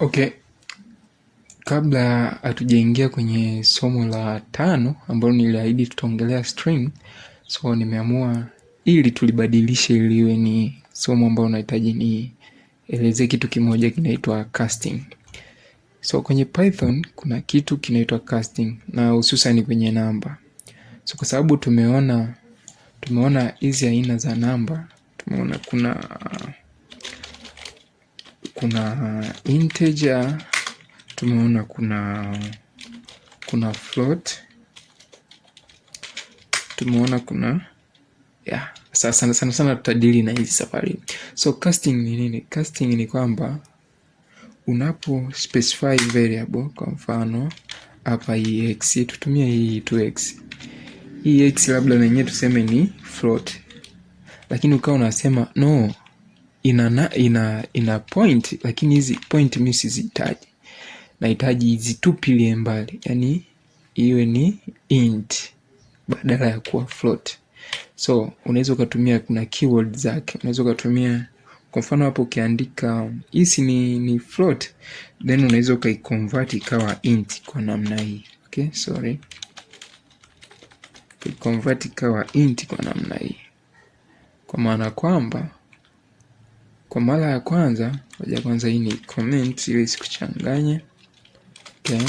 Okay, kabla hatujaingia kwenye somo la tano ambalo niliahidi tutaongelea string, so nimeamua ili tulibadilishe iliwe ni somo ambalo unahitaji nielezee kitu kimoja kinaitwa casting. So kwenye Python kuna kitu kinaitwa casting na hususan kwenye namba. So kwa sababu tumeona tumeona hizi aina za namba, tumeona kuna kuna uh, integer, tumeona kuna kuna float, tumeona kuna yeah. Sasa sana sana, sana tutadili na hizi safari. So casting ni nini? Casting ni kwamba unapo specify variable, kwa mfano hapa hii x, tutumia hii 2x hii x labda na yenyewe tuseme ni float, lakini ukawa unasema no ina, ina, ina point lakini hizi point mimi sizihitaji, nahitaji zitupilie mbali, yani iwe ni int badala ya kuwa float. So unaweza ukatumia, kuna keyword zake, unaweza ukatumia kwa mfano hapo ukiandika hisi ni, ni float then unaweza ukaiconvert ikawa int kwa namna hii okay, sorry, convert ikawa int kwa namna hii, kwa maana kwamba kwa mara ya kwanza, ngoja kwanza hii ni comment ili isikuchanganye. Okay.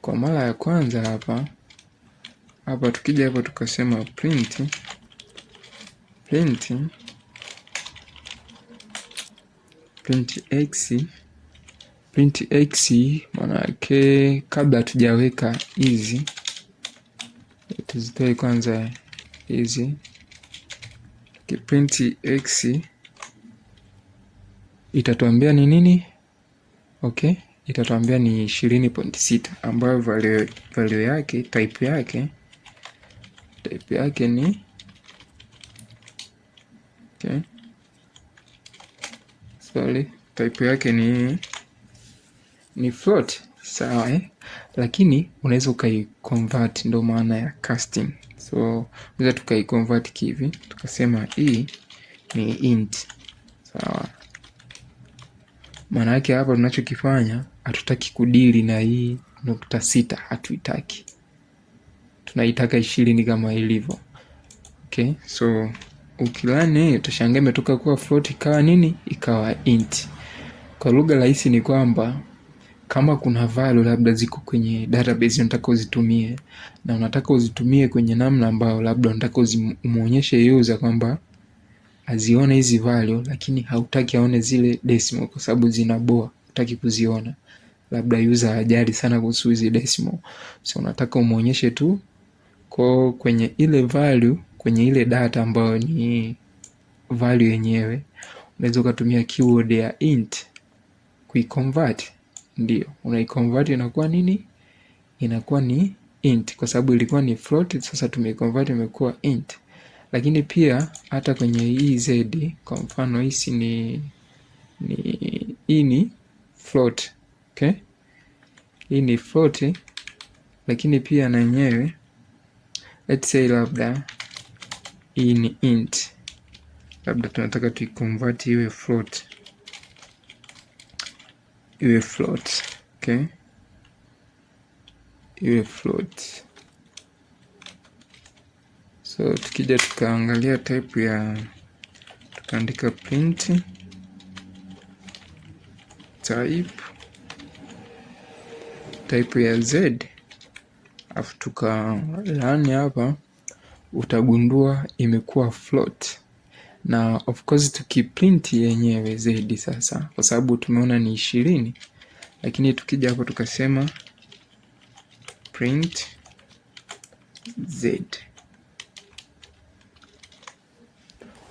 Kwa mara ya kwanza hapa hapa, tukija hapa tukasema print print print x print x, yake kabla hatujaweka hizi tuzitoe kwanza hizi, kiprint x itatuambia ni nini? Okay, itatuambia ni 20.6 ambayo value, value yake type yake type yake ni okay. Sorry, type yake ni ni float sawa, eh? Lakini unaweza ukaiconvert, ndo maana ya casting. So unaweza tukaiconvert kivi tukasema hii e ni int sawa so, maana yake hapa tunachokifanya hatutaki kudili na hii nukta sita, hatuitaki, tunaitaka ishirini kama ilivyo. Okay, so ukilani utashangaa imetoka kuwa float ikawa nini, ikawa int. Kwa lugha rahisi ni kwamba kama kuna value labda ziko kwenye database unataka uzitumie, na unataka uzitumie kwenye namna ambayo labda unataka umuonyeshe user kwamba azione hizi value, lakini hautaki aone zile decimal kwa sababu zinaboa, hutaki kuziona, labda user hajali sana kuhusu hizi decimal, so unataka umuonyeshe tu kwa kwenye ile value, kwenye ile data ambayo ni value yenyewe, unaweza ukatumia keyword ya int kuiconvert. Ndio unaiconvert inakuwa nini? Inakuwa ni int, kwa sababu ilikuwa ni float, sasa tumeiconvert imekuwa int. Lakini pia hata kwenye hii e z, kwa mfano hisi ni ni hii ni float okay, hii ni float, lakini pia na yenyewe let's say labda hii ni int, labda tunataka tuikonvert iwe float iwe float okay, iwe float So tukija tukaangalia type ya tukaandika print type type ya z, afu run hapa, utagundua imekuwa float na of course tukiprint yenyewe z sasa, kwa sababu tumeona ni ishirini, lakini tukija hapo tukasema print z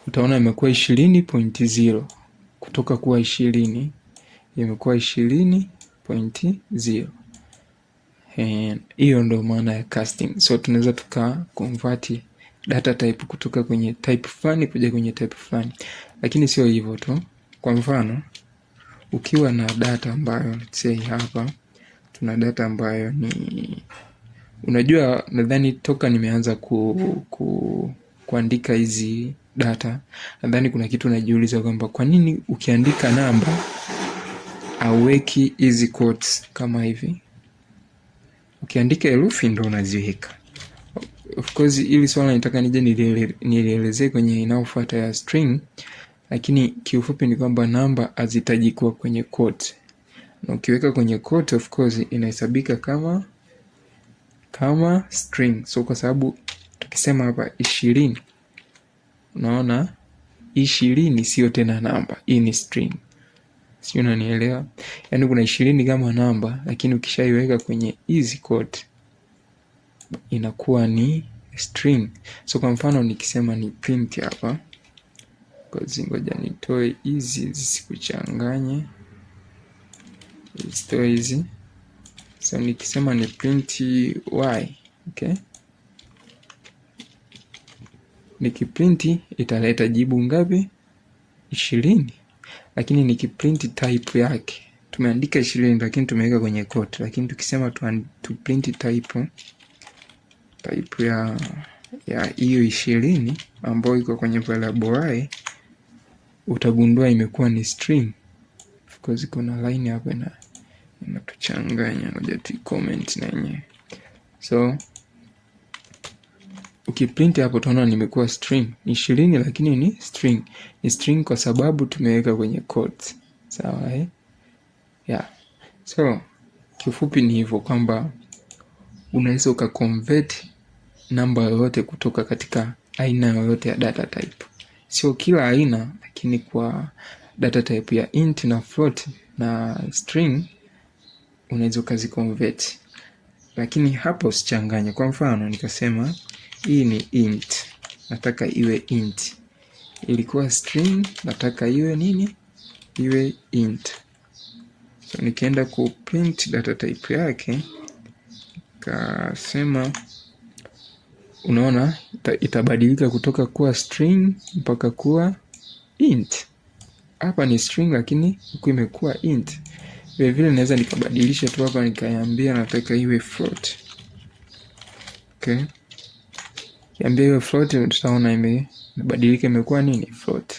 utaona imekuwa ishirini pointi zero kutoka kuwa ishirini imekuwa ishirini pointi zero. Hiyo ndo maana ya casting. So tunaweza tuka convert data type kutoka kwenye type fulani kuja kwenye type fulani, lakini sio hivyo tu. Kwa mfano ukiwa na data ambayo say hapa tuna data ambayo ni unajua, nadhani toka nimeanza ku, ku, kuandika hizi data, nadhani kuna kitu najiuliza kwamba kwa nini ukiandika namba auweki hizi quotes kama hivi, ukiandika herufi ndo unaziweka. Of course hili swala nitaka nije nilielezee kwenye inayofuata ya string, lakini kiufupi ni kwamba namba hazitaji kuwa kwenye quote, na ukiweka kwenye quote of course inahesabika kama kama string. So kwa sababu tukisema hapa ishirini Unaona, ishirini sio tena namba, hii ni string, sio? Unanielewa? yani kuna ishirini kama namba, lakini ukishaiweka kwenye easy code inakuwa ni string. So kwa mfano nikisema ni print hapa, ngoja nitoe hizi zisikuchanganye, zitoe hizi. So nikisema ni print y, okay nikiprinti italeta jibu ngapi? Ishirini. Lakini nikiprinti type yake tumeandika ishirini, lakini tumeweka kwenye quote. Lakini tukisema tuprinti type type ya ya hiyo ishirini ambayo iko kwenye variable utagundua imekuwa ni string. Of course kuna line hapa na inatuchanganya, ngoja tu comment na yenyewe so Ukiprint hapo utaona nimekuwa string ni ishirini, lakini ni string ni string kwa sababu tumeweka kwenye quotes. Sawa eh? Yeah. So kifupi ni hivyo kwamba unaweza ukaconvert namba yoyote kutoka katika aina yoyote ya data type, sio kila aina, lakini kwa data type ya int na float na string unaweza ukaziconvert, lakini hapo usichanganye. Kwa mfano nikasema hii ni int, nataka iwe int. Ilikuwa string, nataka iwe nini? Iwe int. So nikienda ku print data type yake, kasema, unaona itabadilika kutoka kuwa string mpaka kuwa int. Hapa ni string lakini huku imekuwa int. Vile vile naweza nikabadilisha tu hapa, nikaambia nataka iwe float. Okay. Kiambia hiyo float, tutaona ime imebadilika imekuwa nini float.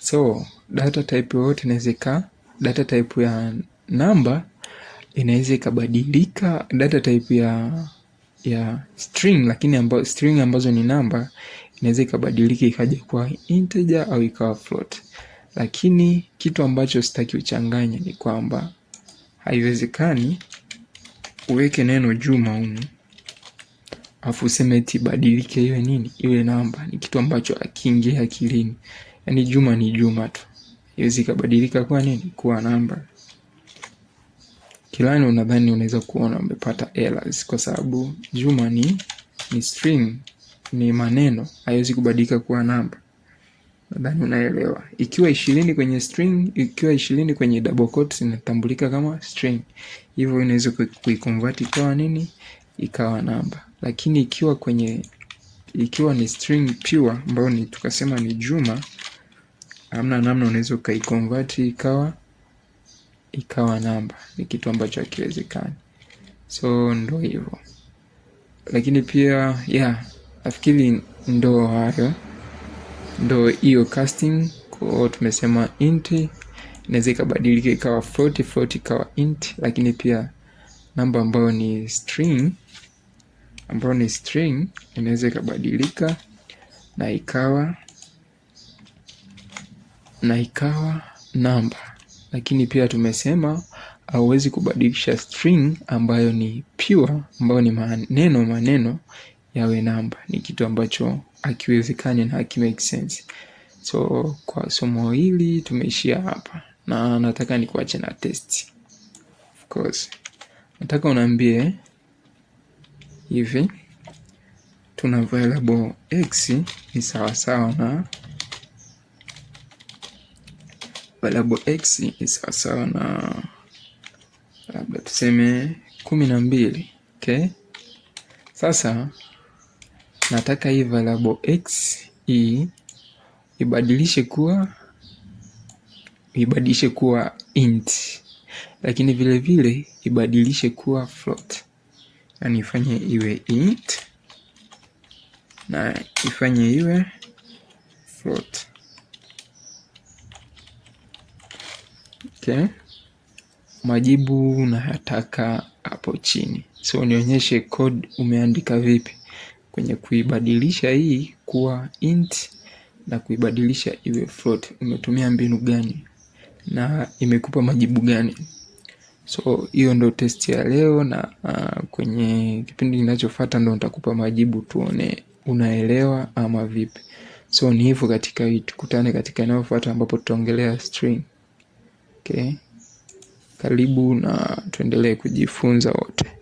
So data type yoyote inaweza ika data type ya namba inaweza ikabadilika data type ya ya string, lakini ambayo string ambazo ni namba inaweza ikabadilika ikaja kwa integer au ikawa float, lakini kitu ambacho sitaki uchanganye ni kwamba haiwezekani uweke neno Juma humu afu useme eti badilike iwe nini, iwe namba, ni kitu ambacho akiingia akilini. Yaani Juma ni Juma tu, iwezi kabadilika kwa nini, kuwa namba. Kilani unadhani unaweza kuona umepata errors kwa sababu Juma ni ni string, ni maneno, haiwezi kubadilika kuwa namba. Nadhani unaelewa. Ikiwa ishirini kwenye string, ikiwa ishirini kwenye double quotes inatambulika kama string. Hivyo inaweza kuikonvert kwa nini? Ikawa namba lakini ikiwa kwenye ikiwa ni string pure ambayo ni tukasema ni Juma, hamna namna unaweza ukaiconvert ikawa ikawa namba, ni kitu ambacho hakiwezekani. So ndo hivyo, lakini pia yeah, nafikiri ndo hayo ndo hiyo casting. Kwa tumesema int inaweza ikabadilika ikawa float, float ikawa int, lakini pia namba ambayo ni string ambayo ni string inaweza ikabadilika na ikawa na ikawa namba, lakini pia tumesema hauwezi kubadilisha string ambayo ni pure, ambayo ni maneno maneno yawe namba. Ni kitu ambacho hakiwezekani na haki make sense. So kwa somo hili tumeishia hapa, na nataka nikuache na test. Of course nataka unaambie hivi tuna variable x ni sawasawa na variable x ni sawasawa na labda tuseme kumi na mbili. Okay, sasa nataka hii variable x hii ibadilishe kuwa ibadilishe kuwa int, lakini vilevile vile ibadilishe kuwa float na yaani nifanye iwe int na ifanye iwe float. Okay. Majibu nayataka hapo chini, so nionyeshe code umeandika vipi kwenye kuibadilisha hii kuwa int na kuibadilisha iwe float, umetumia mbinu gani na imekupa majibu gani? So hiyo ndo test ya leo, na uh, kwenye kipindi kinachofuata ndo nitakupa majibu tuone unaelewa ama vipi. So ni hivyo katika hii, tukutane katika inayofuata ambapo tutaongelea string. Okay. Karibu na tuendelee kujifunza wote.